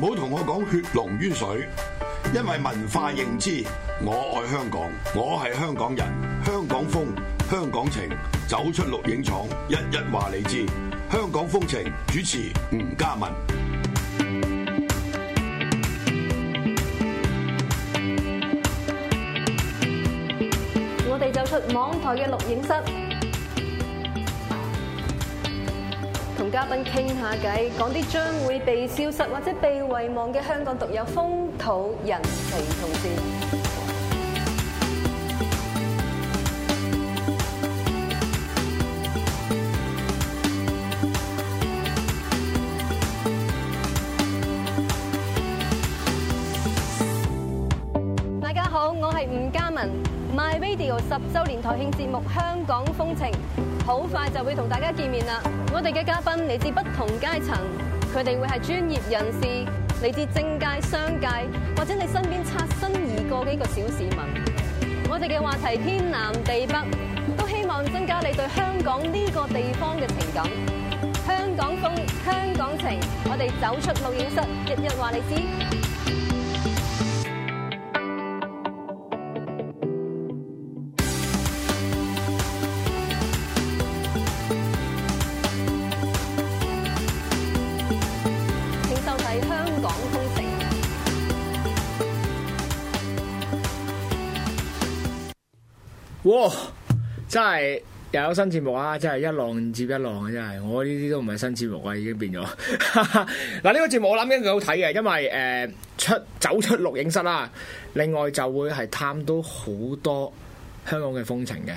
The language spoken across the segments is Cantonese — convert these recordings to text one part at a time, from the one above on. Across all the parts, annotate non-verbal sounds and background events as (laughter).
唔好同我講血濃於水，因為文化認知，我愛香港，我係香港人，香港風，香港情，走出錄影廠，一一話你知，香港風情主持吳家文，我哋走出網台嘅錄影室。同嘉賓傾下偈，講啲將會被消失或者被遺忘嘅香港獨有風土人情同事。大家好，我係吳嘉文 My Radio 十週年台慶節目《香港風情》。好快就會同大家見面啦！我哋嘅嘉賓嚟自不同階層，佢哋會係專業人士，嚟自政界、商界，或者你身邊擦身而過嘅一個小市民。我哋嘅話題天南地北，都希望增加你對香港呢個地方嘅情感。香港風，香港情，我哋走出錄影室，日日話你知。哇！真係又有新節目啊！真係一浪接一浪啊！真係，我呢啲都唔係新節目啊，已經變咗。嗱，呢個節目我諗應該好睇嘅，因為誒、呃、出走出錄影室啦，另外就會係探到好多香港嘅風情嘅。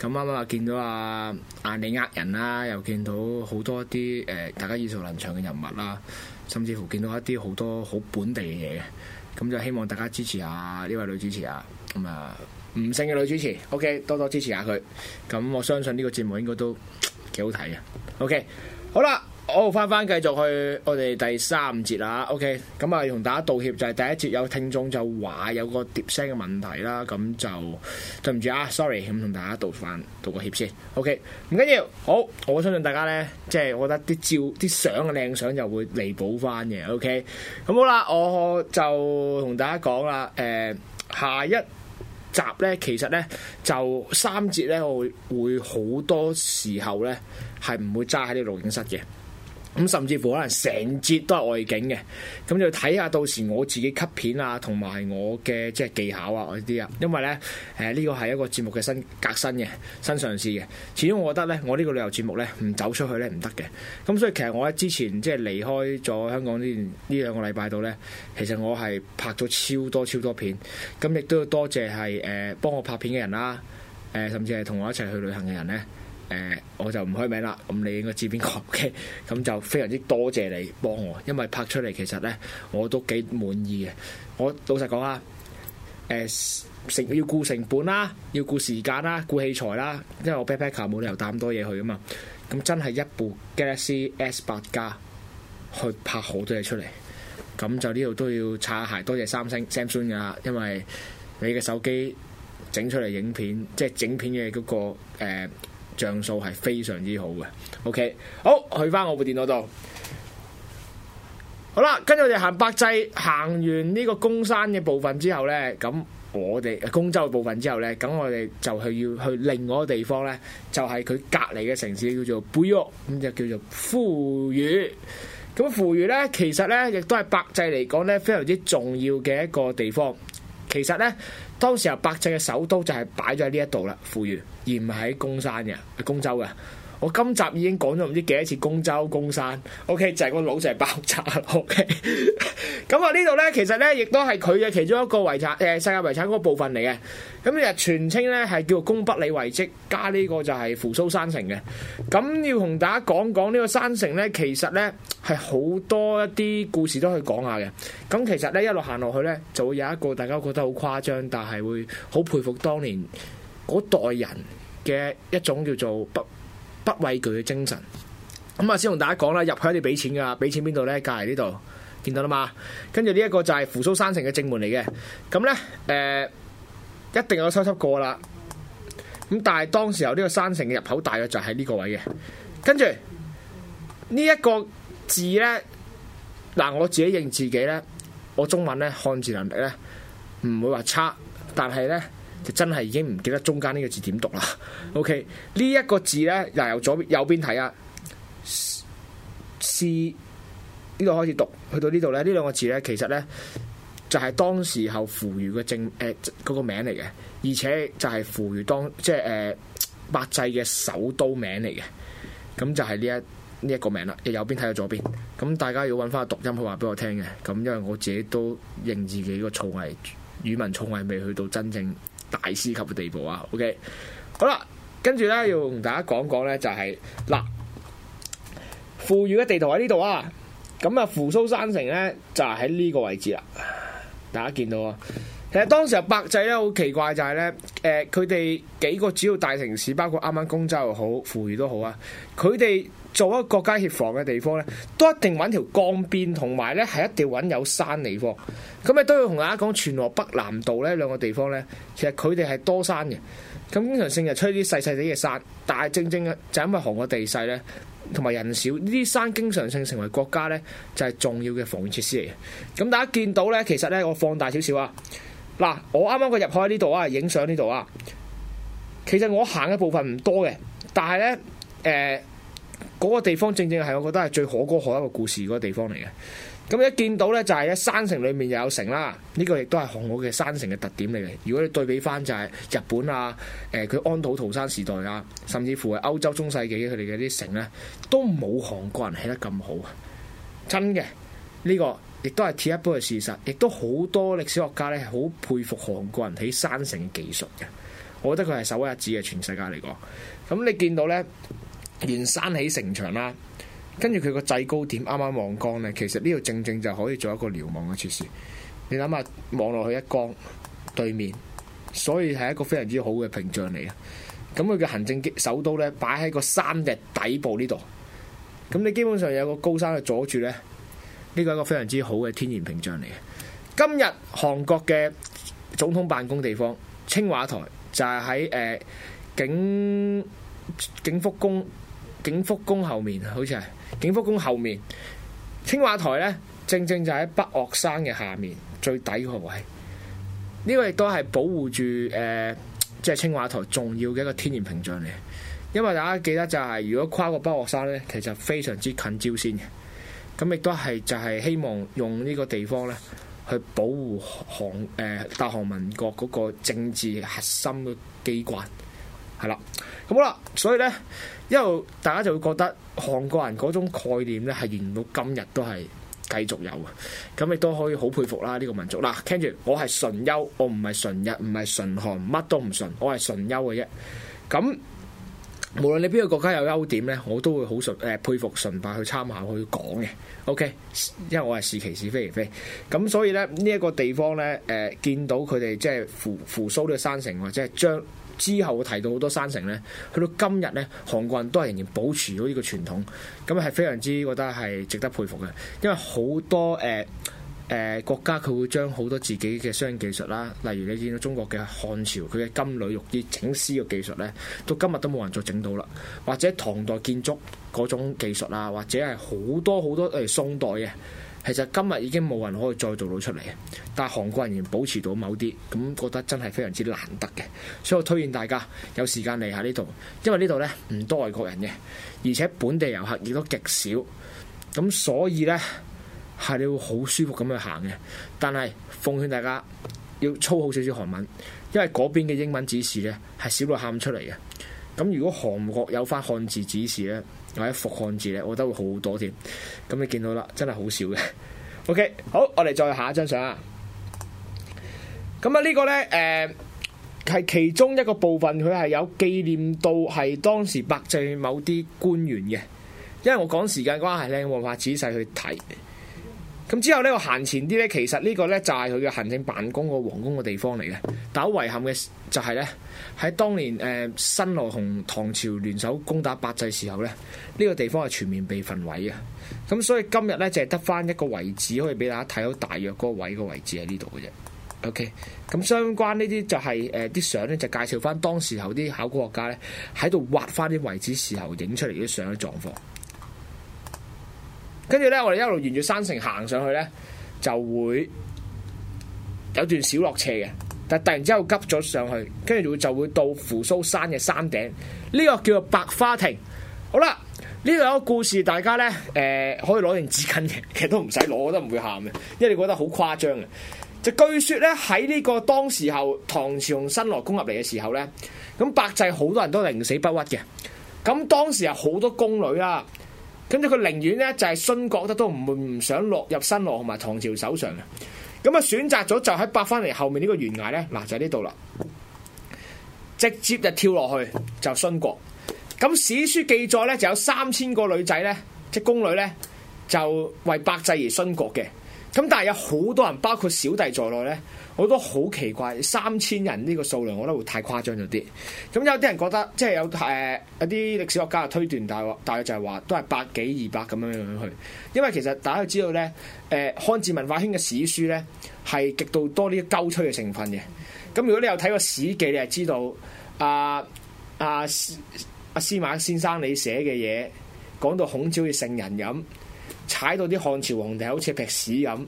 咁啱啱見到啊，啊，你呃人啦、啊，又見到好多一啲誒、呃、大家耳熟能詳嘅人物啦、啊，甚至乎見到一啲好多好本地嘅嘢嘅。咁就希望大家支持下呢位女主持、嗯、啊！咁啊～吳姓嘅女主持，OK，多多支持下佢。咁我相信呢個節目應該都幾好睇嘅。OK，好啦，我翻翻繼續去我哋第三節啦。OK，咁啊同大家道歉，就係、是、第一節有聽眾就話有個碟聲嘅問題啦。咁就對唔住啊，sorry，咁同大家道翻道個歉先。OK，唔緊要，好，我相信大家呢，即係我覺得啲照、啲相靚相就會彌補翻嘅。OK，咁好啦，我就同大家講啦，誒、呃，下一。集咧，其實咧，就三節咧，我會好多時候咧，係唔會揸喺啲錄影室嘅。咁、嗯、甚至乎可能成節都係外景嘅，咁、嗯、就睇下到時我自己 cut 片啊，同埋我嘅即係技巧啊嗰啲啊，因為咧誒呢個係、呃、一個節目嘅新革新嘅新嘗試嘅。始終我覺得咧，我呢個旅遊節目咧唔走出去咧唔得嘅。咁、嗯、所以其實我喺之前即係離開咗香港呢呢兩個禮拜度咧，其實我係拍咗超多超多片，咁、嗯、亦都要多謝係誒、呃、幫我拍片嘅人啦、啊，誒、呃、甚至係同我一齊去旅行嘅人咧。誒，我就唔開名啦。咁你應該知邊個？OK，咁就非常之多謝你幫我，因為拍出嚟其實咧我都幾滿意嘅。我老實講啊，誒、呃、成要顧成本啦，要顧時間啦，顧器材啦，因為我 pat pat 冇理由帶咁多嘢去啊嘛。咁真係一部 Galaxy S 八加去拍好多嘢出嚟，咁就呢度都要擦下鞋。多謝三星 Samsung 㗎啦，因為你嘅手機整出嚟影片，即係整片嘅嗰個、呃像素係非常之好嘅，OK，好去翻我部電腦度，好啦，跟住我哋行百濟，行完呢個公山嘅部分之後呢，咁我哋公州嘅部分之後呢，咁我哋就係要去另外一個地方呢，就係佢隔籬嘅城市叫做扶餘，咁就叫做扶餘，咁扶餘呢，其實呢亦都係百濟嚟講呢，非常之重要嘅一個地方。其實咧，當時候百濟嘅首都就係擺咗喺呢一度啦，扶餘，而唔係喺公山嘅，係公州嘅。我今集已經講咗唔知幾多次公州公山，OK 就係個腦就係爆炸，OK 咁啊呢度呢，其實呢亦都係佢嘅其中一個遺產，誒世界遺產嗰個部分嚟嘅。咁日全稱呢係叫公北里遺蹟，加呢個就係扶蘇山城嘅。咁要同大家講講呢個山城呢，其實呢係好多一啲故事都可以講下嘅。咁其實呢一路行落去呢，就會有一個大家覺得好誇張，但係會好佩服當年嗰代人嘅一種叫做不不畏懼嘅精神，咁啊先同大家講啦，入去口你俾錢噶俾錢邊度呢？隔籬呢度見到啦嘛，跟住呢一個就係扶蘇山城嘅正門嚟嘅，咁呢，誒、呃，一定有收集過啦。咁但係當時候呢個山城嘅入口大約就喺呢個位嘅，跟住呢一個字呢，嗱我自己認自己呢，我中文呢漢字能力呢，唔會話差，但係呢。就真係已經唔記得中間呢個字點讀啦。OK，呢一個字呢，又由左邊右邊睇啊，係呢度開始讀，去到呢度呢，呢兩個字呢，其實呢，就係、是、當時候扶餘嘅政誒嗰個名嚟嘅，而且就係扶餘當即係誒百濟嘅首都名嚟嘅。咁就係呢一呢一、這個名啦。右邊睇到左邊，咁大家要揾翻個讀音去話俾我聽嘅。咁因為我自己都認自己個造詣語文造詣未去到真正。大師級嘅地步啊，OK，好啦，呢跟住咧要同大家講講咧就係、是、嗱，富裕嘅地圖喺呢度啊，咁啊扶蘇山城咧就係喺呢個位置啦，大家見到啊，其實當時啊百濟咧好奇怪就係咧，誒佢哋幾個主要大城市包括啱啱公州又好，富裕都好啊，佢哋。做一個國家協防嘅地方呢，都一定揾條江邊，同埋呢係一定揾有山地方。咁你都要同大家講，全羅北南道呢兩個地方呢，其實佢哋係多山嘅。咁經常性就吹啲細細哋嘅山，但係正正就因為韓國地勢呢，同埋人少，呢啲山經常性成為國家呢，就係、是、重要嘅防禦設施嚟嘅。咁大家見到呢，其實呢，我放大少少啊。嗱，我啱啱佢入海呢度啊，影相呢度啊。其實我行嘅部分唔多嘅，但係呢。誒、呃。嗰個地方正正係我覺得係最可歌可泣嘅故事嗰個地方嚟嘅。咁一見到呢，就係、是、喺山城裏面又有城啦。呢、這個亦都係韓國嘅山城嘅特點嚟嘅。如果你對比翻就係日本啊，誒、呃、佢安土桃山時代啊，甚至乎係歐洲中世紀佢哋嘅啲城呢，都冇韓國人起得咁好啊！真嘅，呢、這個亦都係鐵一般嘅事實。亦都好多歷史學家呢係好佩服韓國人起山城技術嘅。我覺得佢係首屈一指嘅全世界嚟講。咁你見到呢。連山起城牆啦，跟住佢個制高點啱啱望江呢，其實呢度正正就可以做一個瞭望嘅設施。你諗下望落去一江對面，所以係一個非常之好嘅屏障嚟。咁佢嘅行政首都呢，擺喺個山嘅底部呢度，咁你基本上有個高山嘅阻住呢，呢個係一個非常之好嘅天然屏障嚟嘅。今日韓國嘅總統辦公地方青瓦台就係喺誒景，景福宮。景福宮後面，好似係景福宮後面，青瓦台呢，正正就喺北岳山嘅下面最底位，嗰個位，呢個亦都係保護住誒，即係青瓦台重要嘅一個天然屏障嚟。因為大家記得就係、是、如果跨過北岳山呢，其實非常之近朝鮮嘅。咁亦都係就係希望用呢個地方呢，去保護韓誒、呃、大韓民國嗰個政治核心嘅機關，係啦。好啦，所以呢，因為大家就會覺得韓國人嗰種概念呢，係延到今日都係繼續有嘅。咁亦都可以好佩服啦呢、呢個民族。嗱，聽住我係純優，我唔係純日，唔係純韓，乜都唔純，我係純優嘅啫。咁，無論你邊個國家有優點呢，我都會好順誒佩服順化去參考去講嘅。O、OK? K，因為我係是,是其是非而非。咁所以呢，呢、這、一個地方呢，誒、呃、見到佢哋即係扶扶蘇呢個山城或者係將。之後提到好多山城呢，去到今日呢，韓國人都係仍然保持咗呢個傳統，咁係非常之覺得係值得佩服嘅。因為好多誒誒、呃呃、國家佢會將好多自己嘅商業技術啦，例如你見到中國嘅漢朝佢嘅金縷玉衣整絲嘅技術呢，到今日都冇人再整到啦，或者唐代建築嗰種技術啊，或者係好多好多誒宋代嘅。其實今日已經冇人可以再做到出嚟，但韓國人員保持到某啲，咁覺得真係非常之難得嘅，所以我推薦大家有時間嚟下呢度，因為呢度呢唔多外國人嘅，而且本地遊客亦都極少，咁所以呢係你會好舒服咁去行嘅。但係奉勸大家要操好少少韓文，因為嗰邊嘅英文指示呢係少到喊出嚟嘅。咁如果韓國有返漢字指示呢？或者複漢字咧，我覺得會好多添。咁你見到啦，真係好少嘅。OK，好，我哋再下一張相啊。咁啊，呢個呢，誒、呃、係其中一個部分，佢係有紀念到係當時百濟某啲官員嘅。因為我講時間關係呢，我冇法仔細去睇。咁之後呢，我行前啲呢，其實呢個呢，就係佢嘅行政辦公個皇宮嘅地方嚟嘅。但好遺憾嘅就係、是、呢，喺當年誒新羅同唐朝聯手攻打百濟時候呢，呢、這個地方係全面被焚毀嘅。咁所以今日呢，就係得翻一個位置可以俾大家睇到大約嗰個位、那個位置喺呢度嘅啫。OK，咁相關呢啲就係誒啲相呢，就介紹翻當時候啲考古學家呢，喺度挖翻啲位置時候影出嚟啲相嘅狀況。跟住咧，我哋一路沿住山城行上去咧，就會有段小落斜嘅，但係突然之間急咗上去，跟住就會到扶蘇山嘅山頂。呢、這個叫做百花亭。好啦，呢度有個故事，大家咧誒、呃、可以攞定紙巾嘅，其實都唔使攞，都唔會喊嘅，因為你覺得好誇張嘅。就據說咧喺呢個當時候，唐朝用新羅攻入嚟嘅時候咧，咁百濟好多人都寧死不屈嘅。咁當時有好多宮女啦。跟住佢寧願咧就係殉國得，都唔會唔想落入新羅同埋唐朝手上嘅。咁啊選擇咗就喺百翻嚟後面呢個懸崖咧，嗱就喺呢度啦，直接就跳落去就殉國。咁史書記載咧就有三千個女仔咧，即係宮女咧，就為百濟而殉國嘅。咁但係有好多人，包括小弟在內咧。我都好奇怪，三千人呢個數量，我覺得會太誇張咗啲。咁有啲人覺得，即係有誒、呃、有啲歷史學家啊推斷大，大約大約就係話都係百幾二百咁樣樣去。因為其實大家都知道咧，誒、呃、漢字文化圈嘅史書咧係極度多呢啲鳩吹嘅成分嘅。咁如果你有睇過《史記》，你係知道阿阿阿司馬先生你寫嘅嘢，講到孔子好似聖人咁，踩到啲漢朝皇帝好似劈屎咁。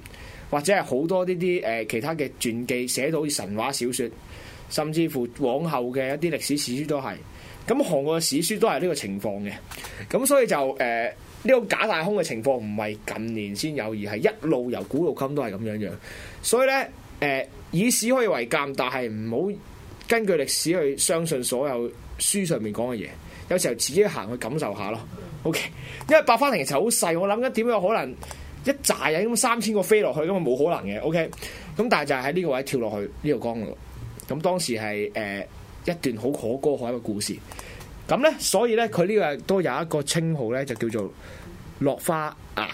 或者係好多呢啲誒其他嘅傳記寫到好似神話小説，甚至乎往後嘅一啲歷史史史書都係。咁韓國嘅史書都係呢個情況嘅。咁所以就誒呢、呃呢個假大空嘅情況唔係近年先有，而係一路由古到今都係咁樣樣。所以咧誒、呃，以史可以為鑑，但係唔好根據歷史去相信所有書上面講嘅嘢。有時候自己行去感受下咯。O、okay, K，因為百花亭其實好細，我諗緊點樣可能。一紮人咁，三千個飛落去咁啊，冇可能嘅，OK，咁但係就喺呢個位跳落去呢度江咯。咁、這個、當時係誒、呃、一段好可歌可泣嘅故事。咁咧，所以咧佢呢個都有一個稱號咧，就叫做落花崖啊，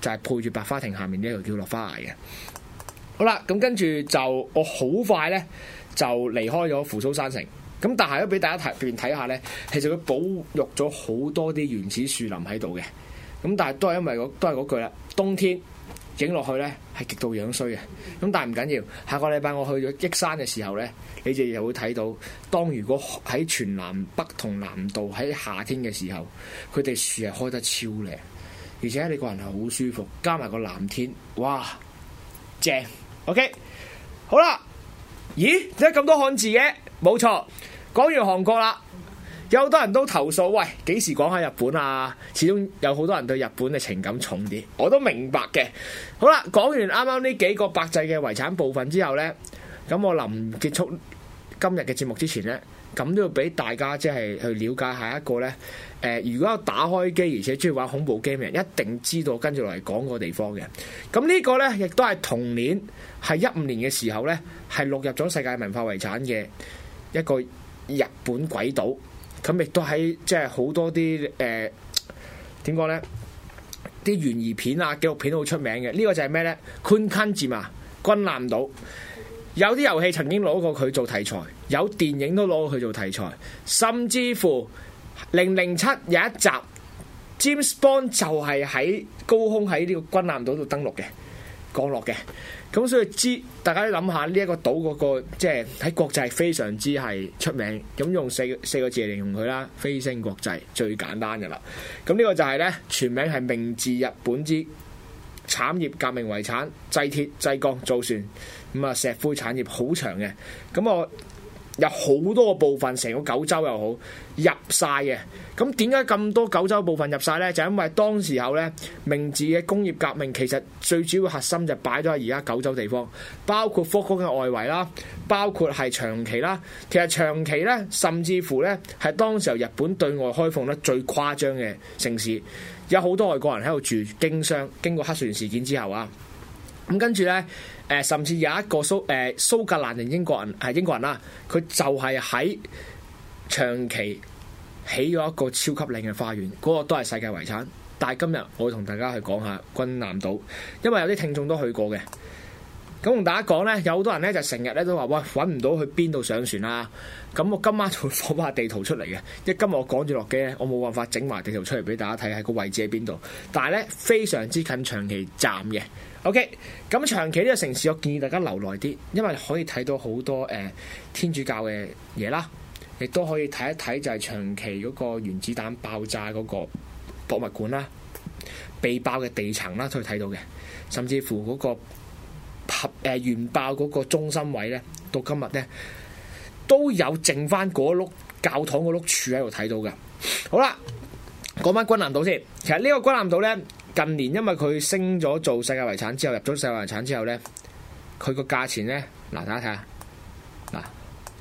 就係、是、配住白花亭下面呢一個叫落花崖嘅。好啦，咁跟住就我好快咧就離開咗扶蘇山城。咁但係都俾大家睇，順便睇下咧，其實佢保育咗好多啲原始樹林喺度嘅。咁但係都係因為都係嗰句啦，冬天影落去呢係極度樣衰嘅。咁但係唔緊要，下個禮拜我去咗益山嘅時候呢，你哋又會睇到，當如果喺全南北同南道喺夏天嘅時候，佢哋樹係開得超靚，而且你個人係好舒服，加埋個藍天，哇，正。OK，好啦，咦，點解咁多漢字嘅？冇錯，講完韓國啦。有好多人都投訴，喂，幾時講下日本啊？始終有好多人對日本嘅情感重啲，我都明白嘅。好啦，講完啱啱呢幾個百濟嘅遺產部分之後呢，咁我臨結束今日嘅節目之前呢，咁都要俾大家即係去了解一下一個呢、呃。如果有打開機而且中意玩恐怖 game 嘅人，一定知道跟住落嚟講個地方嘅。咁呢個呢，亦都係同年係一五年嘅時候呢，係錄入咗世界文化遺產嘅一個日本鬼島。咁亦都喺即係好多啲誒點講呢？啲懸疑片啊、紀錄片都好出名嘅。呢、這個就係咩呢？Gunkanjima 啊，軍艦島。有啲遊戲曾經攞過佢做題材，有電影都攞過佢做題材，甚至乎《零零七》有一集 James Bond 就係喺高空喺呢個軍艦島度登陸嘅降落嘅。咁所以知，大家都諗下呢一個島嗰個，即係喺國際非常之係出名。咁用四四個字嚟形容佢啦，飛升國際最簡單嘅啦。咁呢個就係呢，全名係明治日本之產業革命遺產，製鐵、製鋼、造船，咁啊石灰產業好長嘅。咁我。有好多個部分，成個九州又好入晒嘅。咁點解咁多九州部分入晒呢？就因為當時候呢，明治嘅工業革命其實最主要核心就擺咗喺而家九州地方，包括福岡嘅外圍啦，包括係長崎啦。其實長崎呢，甚至乎呢，係當時候日本對外開放得最誇張嘅城市，有好多外國人喺度住經商。經過黑船事件之後啊，咁跟住呢。誒、呃，甚至有一個蘇誒、呃、蘇格蘭人英國人係、啊、英國人啦，佢就係喺長崎起咗一個超級靚嘅花園，嗰、那個都係世界遺產。但係今日我會同大家去講下軍艦島，因為有啲聽眾都去過嘅。咁、嗯、同大家講呢，有好多人呢就成日咧都話：喂，揾唔到去邊度上船啊！咁、嗯、我今晚就會放翻下地圖出嚟嘅。因為今日我趕住落機咧，我冇辦法整埋地圖出嚟俾大家睇下個位置喺邊度。但係呢，非常之近長崎站嘅。O K，咁長期呢個城市，我建議大家留耐啲，因為可以睇到好多誒、呃、天主教嘅嘢啦，亦都可以睇一睇就係長期嗰個原子彈爆炸嗰個博物館啦，被爆嘅地層啦都可以睇到嘅，甚至乎嗰、嗰個、呃、原爆嗰個中心位呢，到今日呢，都有剩翻嗰碌教堂嗰碌柱喺度睇到嘅。好啦，講翻軍艦島先，其實呢個軍艦島呢。近年因為佢升咗做世界遺產之後，入咗世界遺產之後呢，佢個價錢呢，嗱，大家睇下，嗱，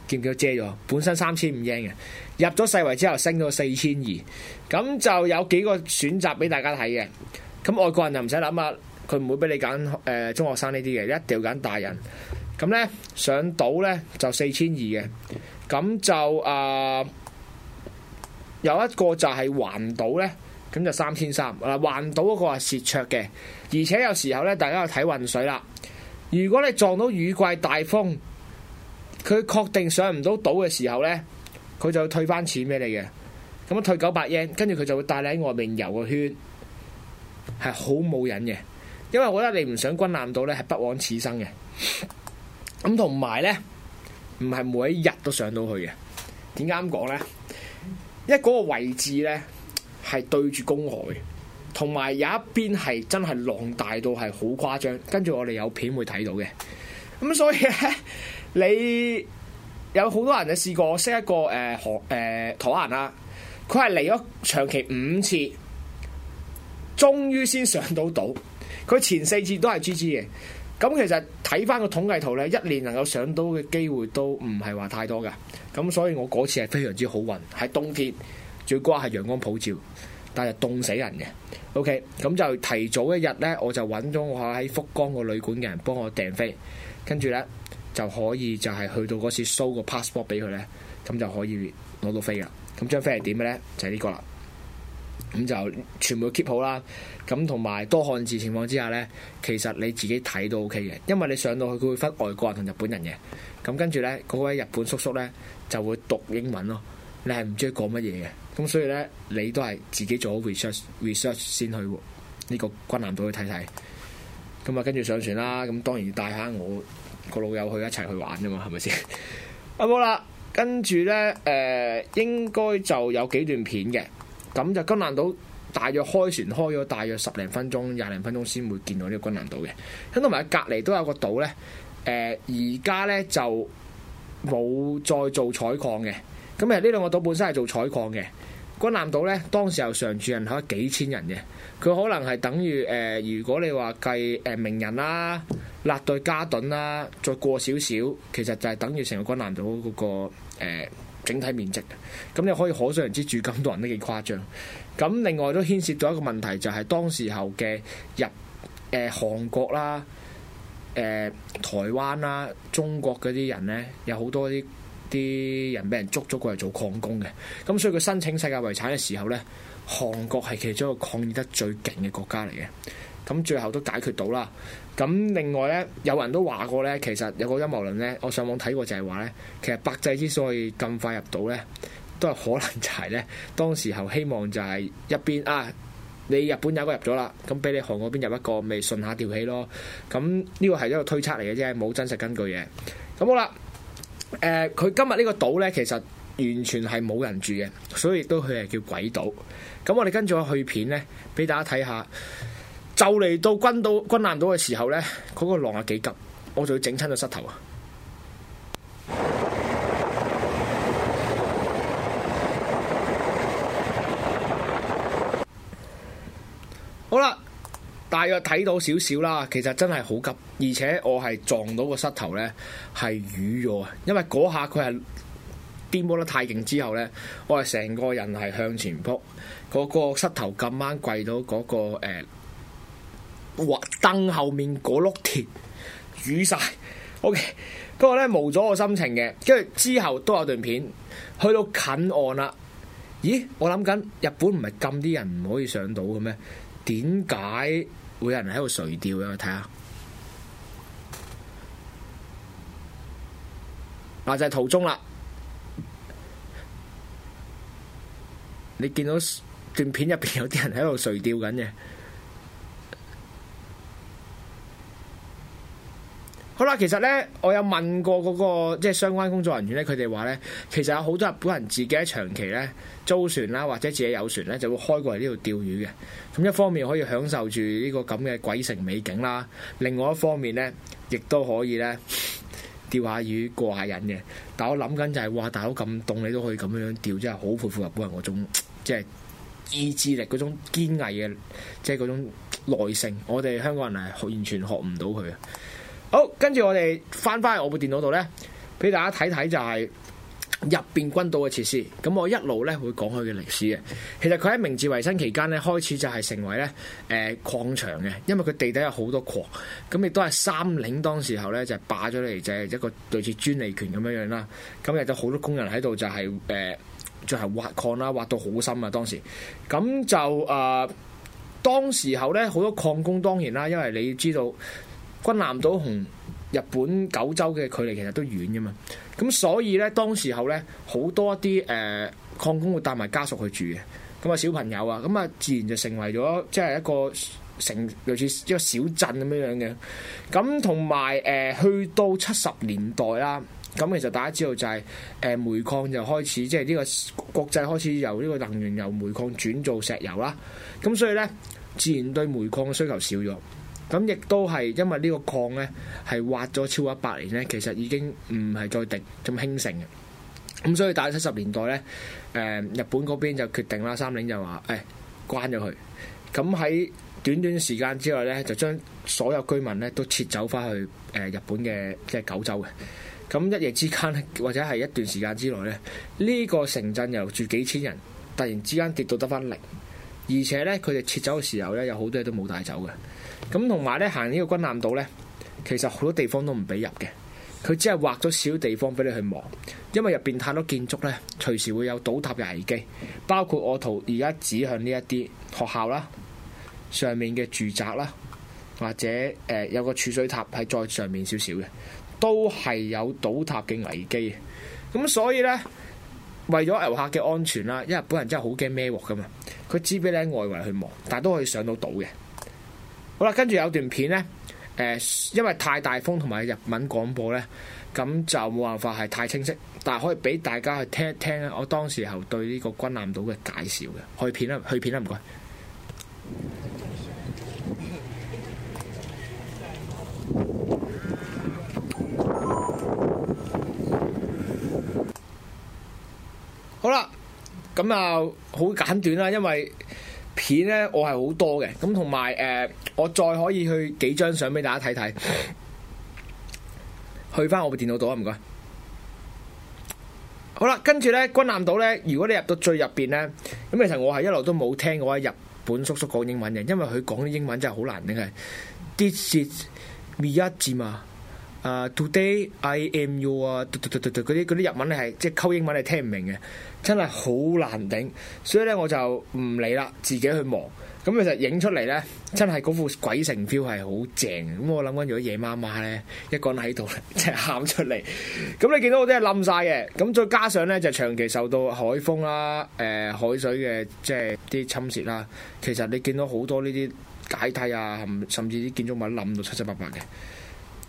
見唔見到遮咗？本身三千五円嘅，入咗世遺之後升咗四千二，咁就有幾個選擇俾大家睇嘅。咁外國人就唔使諗啊，佢唔會俾你揀誒、呃、中學生呢啲嘅，一定要揀大人。咁呢，上島呢就四千二嘅，咁就啊、呃、有一個就係環島呢。咁就三千三，嗱，環島嗰個係蝕卓嘅，而且有時候咧，大家要睇運水啦。如果你撞到雨季大風，佢確定上唔到島嘅時候咧，佢就會退翻錢俾你嘅。咁啊，退九百英，跟住佢就會帶你喺外面遊個圈，係好冇癮嘅。因為我覺得你唔上軍艦島咧，係不枉此生嘅。咁同埋咧，唔係每一日都上到去嘅。點解咁講咧？因為嗰個位置咧。係對住公海，同埋有，有一邊係真係浪大到係好誇張，跟住我哋有片會睇到嘅。咁所以咧，你有好多人就試過識一個誒河誒台灣人啦，佢係嚟咗長期五次，終於先上到島。佢前四次都係 G G 嘅。咁其實睇翻個統計圖咧，一年能夠上到嘅機會都唔係話太多噶。咁所以我嗰次係非常之好運，喺冬天。最乖係陽光普照，但係凍死人嘅。OK，咁就提早一日呢，我就揾咗我喺福江個旅館嘅人幫我訂飛，跟住呢，就可以就係去到嗰次 show 個 passport 俾佢呢，咁就可以攞到飛噶。咁張飛係點嘅呢？就係、是、呢個啦。咁就全部 keep 好啦。咁同埋多漢字情況之下呢，其實你自己睇都 OK 嘅，因為你上到去，佢會分外國人同日本人嘅。咁跟住呢，嗰位日本叔叔呢，就會讀英文咯。你係唔知意講乜嘢嘅，咁所以呢，你都係自己做好 research research 先去呢個軍艦島去睇睇。咁啊，跟住上船啦。咁當然要帶下我個老友去一齊去玩噶嘛，係咪先？啊 (laughs) 好啦，跟住呢，誒、呃、應該就有幾段片嘅。咁就軍艦島大約開船開咗大約十零分鐘、廿零分鐘先會見到呢個軍艦島嘅。咁同埋隔離都有個島呢，誒而家呢就冇再做採礦嘅。咁誒呢兩個島本身係做採礦嘅，軍艦島呢，當時候常住人口幾千人嘅，佢可能係等於誒、呃、如果你話計誒名人啦、納代加頓啦，再過少少，其實就係等於成個軍艦島嗰個、呃、整體面積。咁你可以可想而知住咁多人都幾誇張。咁另外都牽涉到一個問題，就係、是、當時候嘅日誒韓國啦、誒、呃、台灣啦、中國嗰啲人呢，有好多啲，啲人俾人捉咗過嚟做礦工嘅，咁所以佢申請世界遺產嘅時候呢，韓國係其中一個抗議得最勁嘅國家嚟嘅，咁最後都解決到啦。咁另外呢，有人都話過呢，其實有個陰謀論呢，我上網睇過就係話呢，其實百濟之所以咁快入到呢，都係可能就係、是、呢，當時候希望就係一邊啊，你日本有一個入咗啦，咁俾你韓國邊入一個，咪順下調起咯。咁呢個係一個推測嚟嘅啫，冇真實根據嘅。咁好啦。誒，佢、呃、今日呢個島呢，其實完全係冇人住嘅，所以亦都佢係叫鬼島。咁我哋跟住去片呢，俾大家睇下，就嚟到軍島、軍艦島嘅時候呢，嗰、那個浪係幾急，我仲要整親個膝頭啊！ (noise) 好啦。大約睇到少少啦，其實真係好急，而且我係撞到個膝頭呢，係瘀咗啊！因為嗰下佢係顛簸得太勁，之後呢，我係成個人係向前撲，嗰個膝頭咁啱跪到嗰個誒，嘩，燈後面嗰碌鐵，瘀晒。OK，不過呢，無咗我心情嘅。跟住之後都有段片，去到近岸啦。咦？我諗緊日本唔係禁啲人唔可以上到嘅咩？點解會有人喺度垂釣嘅，我睇下，嗱就係途中啦。你見到段片入邊有啲人喺度垂釣緊嘅。好啦，其實咧，我有問過嗰個即係相關工作人員咧，佢哋話咧，其實有好多日本人自己喺長期咧租船啦，或者自己有船咧，就會開過嚟呢度釣魚嘅。咁一方面可以享受住呢個咁嘅鬼城美景啦，另外一方面咧，亦都可以咧釣下魚過下癮嘅。但我諗緊就係，哇，大佬咁凍，你都可以咁樣釣，真係好佩服日本人嗰種即係意志力嗰種堅毅嘅，即係嗰種耐性。我哋香港人係完全學唔到佢啊。好，跟住我哋翻翻去我部電腦度呢，俾大家睇睇就係入邊軍島嘅設施。咁我一路呢會講佢嘅歷史嘅。其實佢喺明治維新期間呢，開始就係成為呢誒呃礦場嘅，因為佢地底有好多礦。咁亦都係三菱當時候呢就係霸咗嚟，就係、是就是、一個類似專利權咁樣樣啦。咁入咗好多工人喺度、就是呃，就係誒進行挖礦啦，挖到好深啊！當時咁就誒、呃，當時候呢，好多礦工，當然啦，因為你知道。軍艦島同日本九州嘅距離其實都遠嘅嘛，咁所以呢，當時候呢，好多一啲誒、呃、礦工會帶埋家屬去住嘅，咁啊小朋友啊，咁啊自然就成為咗即係一個城類似一個小鎮咁樣樣嘅。咁同埋誒去到七十年代啦，咁其實大家知道就係、是、誒、呃、煤礦就開始即係呢個國際開始由呢個能源由煤礦轉做石油啦，咁所以呢，自然對煤礦嘅需求少咗。咁亦都係因為呢個礦呢，係挖咗超過一百年呢，其實已經唔係再定，咁興盛嘅。咁所以，大約七十年代呢，誒日本嗰邊就決定啦，三菱就話誒關咗佢。咁喺短短時間之內呢，就將所有居民呢都撤走翻去誒日本嘅即係九州嘅。咁一夜之間，或者係一段時間之內呢，呢、呢個城鎮由住幾千人，突然之間跌到得翻零，而且呢，佢哋撤走嘅時候呢，有好多嘢都冇帶走嘅。咁同埋咧，行呢個軍艦島咧，其實好多地方都唔俾入嘅，佢只係劃咗少地方俾你去望，因為入邊太多建築咧，隨時會有倒塌嘅危機，包括我圖而家指向呢一啲學校啦，上面嘅住宅啦，或者誒、呃、有個儲水塔係再上面少少嘅，都係有倒塌嘅危機。咁所以咧，為咗遊客嘅安全啦，因為日本人真係好驚孭鑊噶嘛，佢只俾你喺外圍去望，但係都可以上到島嘅。好啦，跟住有段片呢，誒，因為太大風同埋日文廣播呢，咁就冇辦法係太清晰，但係可以俾大家去聽一聽。我當時候對呢個軍艦島嘅介紹嘅，去片啦，去片啦，唔該。好啦，咁啊，好簡短啦，因為片呢我係好多嘅，咁同埋誒。我再可以去幾張相俾大家睇睇，去翻我部電腦度啊，唔該。好啦，跟住呢，軍艦島呢，如果你入到最入邊呢，咁其實我係一路都冇聽過我阿日本叔叔講英文嘅，因為佢講啲英文真係好難頂。This is me, one 字嘛，today I am you 啊，嗰啲嗰啲日文呢係即係溝英文係聽唔明嘅，真係好難頂，所以呢，我就唔理啦，自己去忙。咁其實影出嚟呢，真係嗰副鬼城 feel 係好正。咁我諗緊如果夜媽媽呢，一個人喺度即係喊出嚟，咁你見到嗰啲係冧晒嘅。咁再加上呢，就長期受到海風啦，誒、呃、海水嘅即係啲侵蝕啦，其實你見到好多呢啲階梯啊，甚至啲建築物冧到七七八八嘅。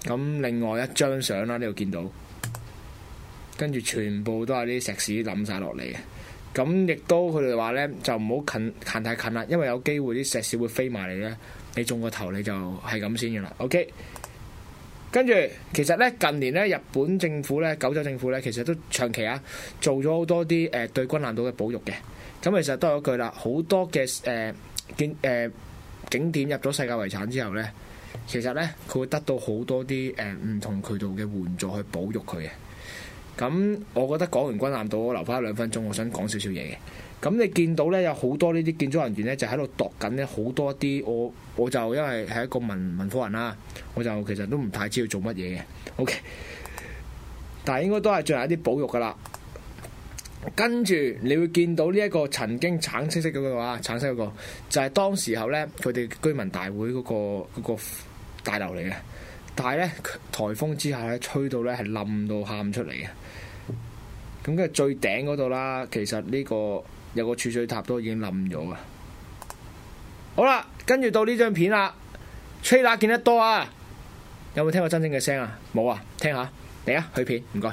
咁另外一張相啦，呢度見到，跟住全部都係啲石屎冧晒落嚟嘅。咁亦都佢哋話呢，就唔好近行太近啦，因為有機會啲石屎會飛埋嚟呢，你中個頭，你就係咁先嘅啦。OK，跟住其實呢，近年呢，日本政府呢，九州政府呢，其實都長期啊做咗好多啲誒、呃、對軍艦島嘅保育嘅。咁其實都有嗰句啦，好多嘅誒、呃、景誒、呃、景點入咗世界遺產之後呢，其實呢，佢會得到好多啲誒唔同渠道嘅援助去保育佢嘅。咁，我覺得講完軍艦島，我留翻一兩分鐘，我想講少少嘢嘅。咁你見到呢，有好多呢啲建築人員呢，就喺度度緊呢好多啲我我就因為係一個文文科人啦、啊，我就其實都唔太知道做乜嘢嘅。O、okay, K，但係應該都係進行一啲保育㗎啦。跟住你會見到呢一個曾經橙色色嗰、那個啊，橙色嗰、那個就係、是、當時候呢，佢哋居民大會嗰、那個那個大樓嚟嘅。但係呢，颱風之下呢，吹到呢，係冧到喊出嚟嘅。咁梗係最頂嗰度啦，其實呢個有個儲水塔都已經冧咗啊！好啦，跟住到呢張片啦，吹喇叭見得多啊！有冇聽過真正嘅聲啊？冇啊，聽下嚟啊，去片唔該。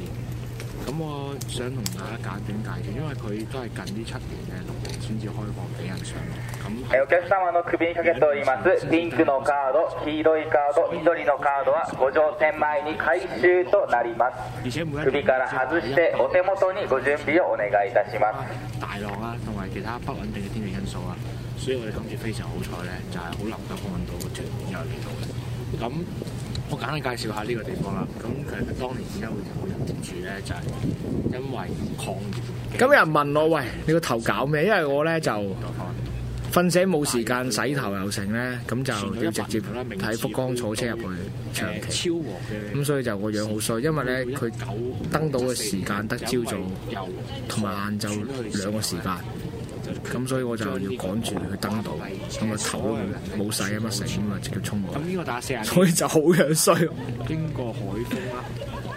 咁我想同大家簡短介紹，因為佢都係近呢七年嘅六年先至開放俾人上。咁，客様のクビにかけます。ピンクのカード、黃色いカード、緑のカードはご乗船前に回収となります。クビから外してお手元にご準備をお願いいたします。大浪啊，同埋其他不穩定嘅天氣因素啊，所以我哋今次非常好彩咧，就係好難得咁揾到個船入面度。咁我簡單介紹下呢個地方啦。咁佢當年點解會有人住咧？就係因為抗熱。咁有人問我：「喂，你個頭搞咩？因為我咧就瞓醒冇時間洗頭又成咧，咁就直接睇福岡坐車入去長崎。咁所以就我個樣好衰，因為咧佢登島嘅時間得朝早同埋晏晝兩個時間。咁所以我就要趕住去登島，咁個頭咧冇曬乜剩咁啊，直接衝落。咁呢個打四廿，所以就好樣衰。 (laughs) 經過海風啦，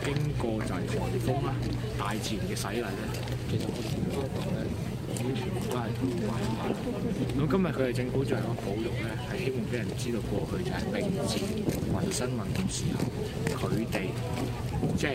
經過就係颱風啦，大自然嘅洗禮。咧。其實我哋唔講咧，呢條路都係困難嘅。咁今日佢哋政府進行保育咧，係希望俾人知道過去就係明治、明新、明嘅時候，佢哋借。即係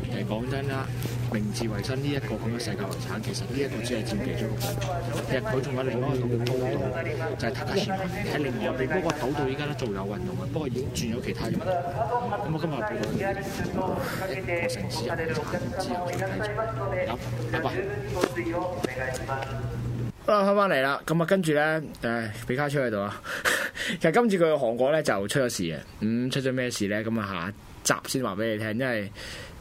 誒講真啦，明治維新呢一個咁嘅世界遺產，其實呢一個只係佔其中一個。入，佢仲有另外一個高島，就係睇下前邊另外嗰個跑道依家都做有運動嘅，不過已經轉咗其他嘅嘢。咁、嗯、我今日報到一個城市入邊之後，咁拜拜。啊，翻返嚟啦。咁啊，跟住咧誒，比卡出去度啊。 (laughs) 其實今次佢去韓國咧就出咗事嘅。咁、嗯、出咗咩事咧？咁啊，下集先話俾你聽，因為。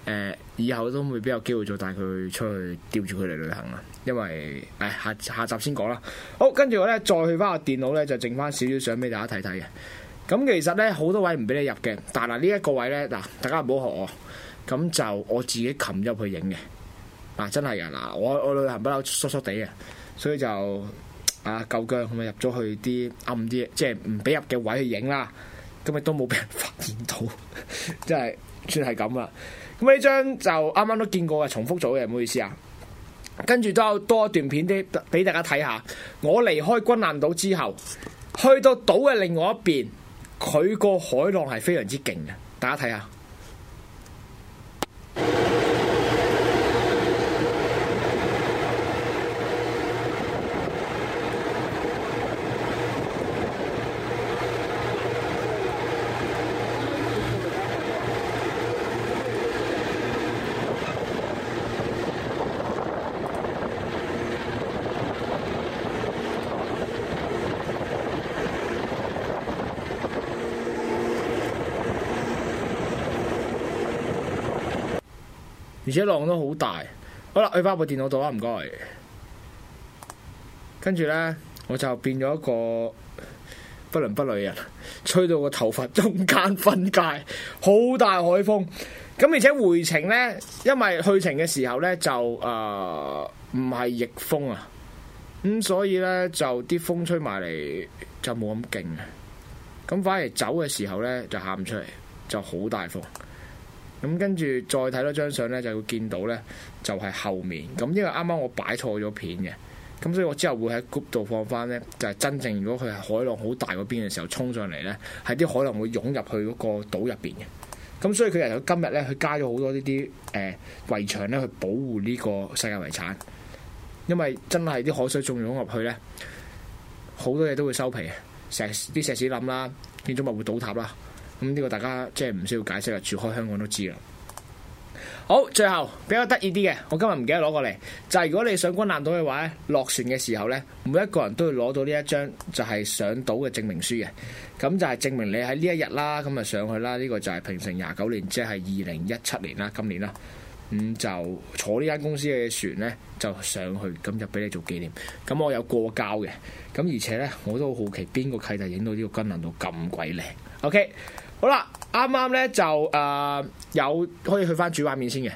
誒，以後都未必有機會再帶佢出去吊住佢嚟旅行啦，因為誒、哎、下下集先講啦。好，跟住我咧再去翻個電腦咧，就剩翻少少相俾大家睇睇嘅。咁其實咧好多位唔俾你入嘅，但係呢一個位咧嗱，大家唔好學我，咁就我自己擒入去影嘅。嗱、啊，真係啊，嗱，我我旅行不嬲叔叔地嘅，所以就啊夠姜咁啊入咗去啲暗啲，即係唔俾入嘅位去影啦。今日都冇俾人發現到，即 (laughs) 係算係咁啦。呢張就啱啱都見過嘅，重複咗嘅，唔好意思啊。跟住都有多一段片啲俾大家睇下。我離開軍艦島之後，去到島嘅另外一邊，佢個海浪係非常之勁嘅。大家睇下。 (noise) 而且浪都好大，好啦，去翻部電腦度啦，唔該。跟住呢，我就變咗一個不倫不類人，吹到個頭髮中間分界，好大海風。咁而且回程呢，因為去程嘅時候呢，就誒唔係逆風啊，咁所以呢，就啲風吹埋嚟就冇咁勁嘅，咁反而走嘅時候呢，就喊出嚟，就好大風。咁跟住再睇多張相咧，就會見到咧就係後面。咁因為啱啱我擺錯咗片嘅，咁所以我之後會喺谷度放翻咧，就係真正如果佢係海浪好大嗰邊嘅時候衝上嚟咧，係啲海浪會湧入去嗰個島入邊嘅。咁所以佢由今日咧，佢加咗好多呢啲誒圍牆咧去保護呢個世界遺產，因為真係啲海水仲湧入去咧，好多嘢都會收皮啊！石啲石屎冧啦，建築物會倒塌啦。咁呢個大家即係唔需要解釋啦，住開香港都知啦。好，最後比較得意啲嘅，我今日唔記得攞過嚟。就係如果你上軍艦島嘅話咧，落船嘅時候咧，每一個人都要攞到呢一張就係上島嘅證明書嘅。咁就係證明你喺呢一日啦，咁啊上去啦。呢個就係平成廿九年，即係二零一七年啦，今年啦。咁就坐呢間公司嘅船咧，就上去，咁就俾你做紀念。咁我有過交嘅，咁而且咧，我都好奇邊個契弟影到呢個軍艦島咁鬼靚。OK。好啦，啱啱咧就誒、呃、有可以去翻主畫面先嘅。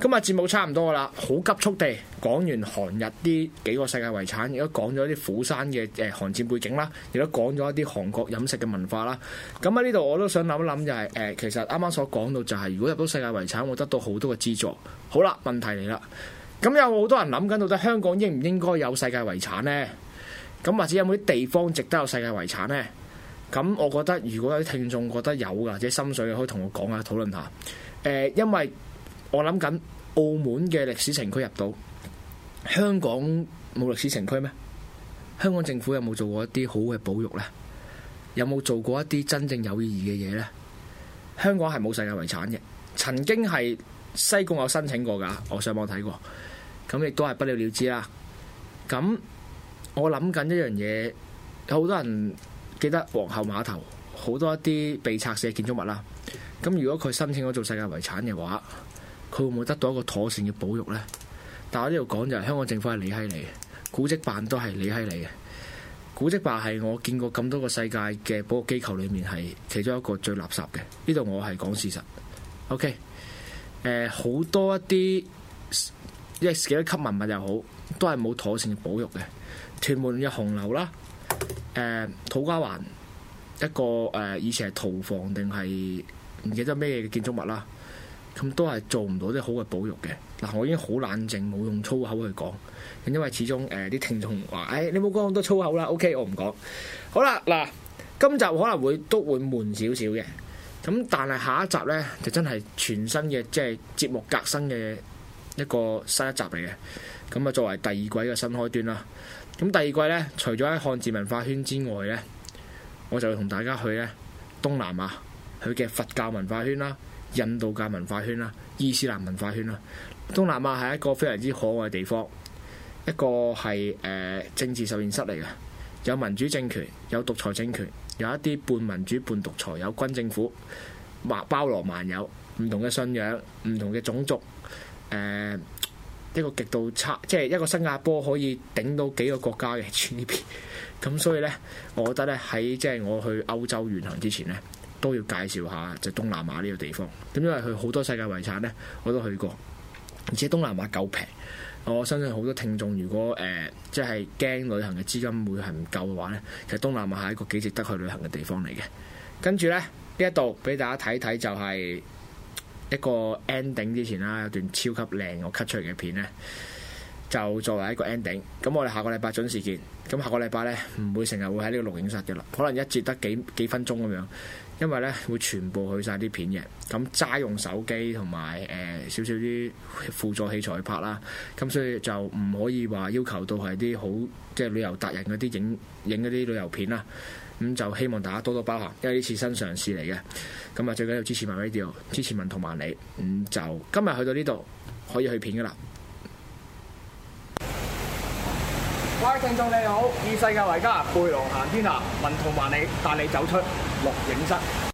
今日節目差唔多噶啦，好急速地講完韓日啲幾個世界遺產，而家講咗啲釜山嘅誒韓戰背景啦，而家講咗一啲韓國飲食嘅文化啦。咁喺呢度我都想諗一諗、就是，就係誒其實啱啱所講到就係、是，如果入到世界遺產，會得到好多嘅資助。好啦，問題嚟啦。咁有好多人諗緊，到底香港應唔應該有世界遺產呢？咁或者有冇啲地方值得有世界遺產呢？咁我覺得，如果有啲聽眾覺得有㗎，或者心水嘅，可以同我講下討論下。因為我諗緊澳門嘅歷史城區入到，香港冇歷史城區咩？香港政府有冇做過一啲好嘅保育呢？有冇做過一啲真正有意義嘅嘢呢？香港係冇世界遺產嘅，曾經係西貢有申請過㗎，我上網睇過。咁亦都係不了了之啦。咁我諗緊一樣嘢，有好多人。記得皇后碼頭好多一啲被拆卸嘅建築物啦，咁如果佢申請咗做世界遺產嘅話，佢會唔會得到一個妥善嘅保育呢？但係我呢度講就係、是、香港政府係理閪你，古蹟辦都係理閪你嘅。古蹟辦係我見過咁多個世界嘅保育機構裡面係其中一個最垃圾嘅。呢度我係講事實。OK，好、呃、多一啲一幾級文物又好，都係冇妥善保育嘅。屯門嘅紅樓啦。誒土瓜灣一個誒以前係屠房定係唔記得咩嘅建築物啦，咁都係做唔到啲好嘅保育嘅。嗱，我已經好冷靜，冇用粗口去講，因為始終誒啲、呃、聽眾、哎、話，誒你冇講咁多粗口啦。OK，我唔講。好啦，嗱，今集可能會都會悶少少嘅，咁但係下一集呢，就真係全新嘅，即係節目革新嘅一個新一集嚟嘅，咁啊作為第二季嘅新開端啦。咁第二季呢，除咗喺漢字文化圈之外呢，我就要同大家去呢東南亞，佢嘅佛教文化圈啦、印度教文化圈啦、伊斯蘭文化圈啦。東南亞係一個非常之可愛嘅地方，一個係誒、呃、政治實驗室嚟嘅，有民主政權，有獨裁政權，有一啲半民主半獨裁，有軍政府，萬包羅萬有，唔同嘅信仰，唔同嘅種族，呃一個極度差，即係一個新加坡可以頂到幾個國家嘅 GDP，咁所以呢，我覺得呢，喺即係我去歐洲遠行之前呢，都要介紹下就東南亞呢個地方。咁因為佢好多世界遺產呢，我都去過，而且東南亞夠平。我相信好多聽眾如果誒即係驚旅行嘅資金會係唔夠嘅話呢，其實東南亞係一個幾值得去旅行嘅地方嚟嘅。跟住呢，呢一度俾大家睇睇就係、是。一個 ending 之前啦，有段超級靚我 cut 出嚟嘅片呢，就作為一個 ending。咁我哋下個禮拜準時見。咁下個禮拜呢，唔會成日會喺呢個錄影室嘅啦。可能一節得幾幾分鐘咁樣，因為呢會全部去晒啲片嘅。咁齋用手機同埋誒少少啲輔助器材去拍啦。咁所以就唔可以話要求到係啲好即係旅遊達人嗰啲影影嗰啲旅遊片啦。咁就希望大家多多包涵，因為呢次新嘅嘗試嚟嘅。咁啊，最緊要支持 MyRadio，支持文圖萬里。咁就今日去到呢度，可以去片噶啦。各位聽眾你好，以世界為家，背囊行天下，文圖萬里帶你走出錄影室。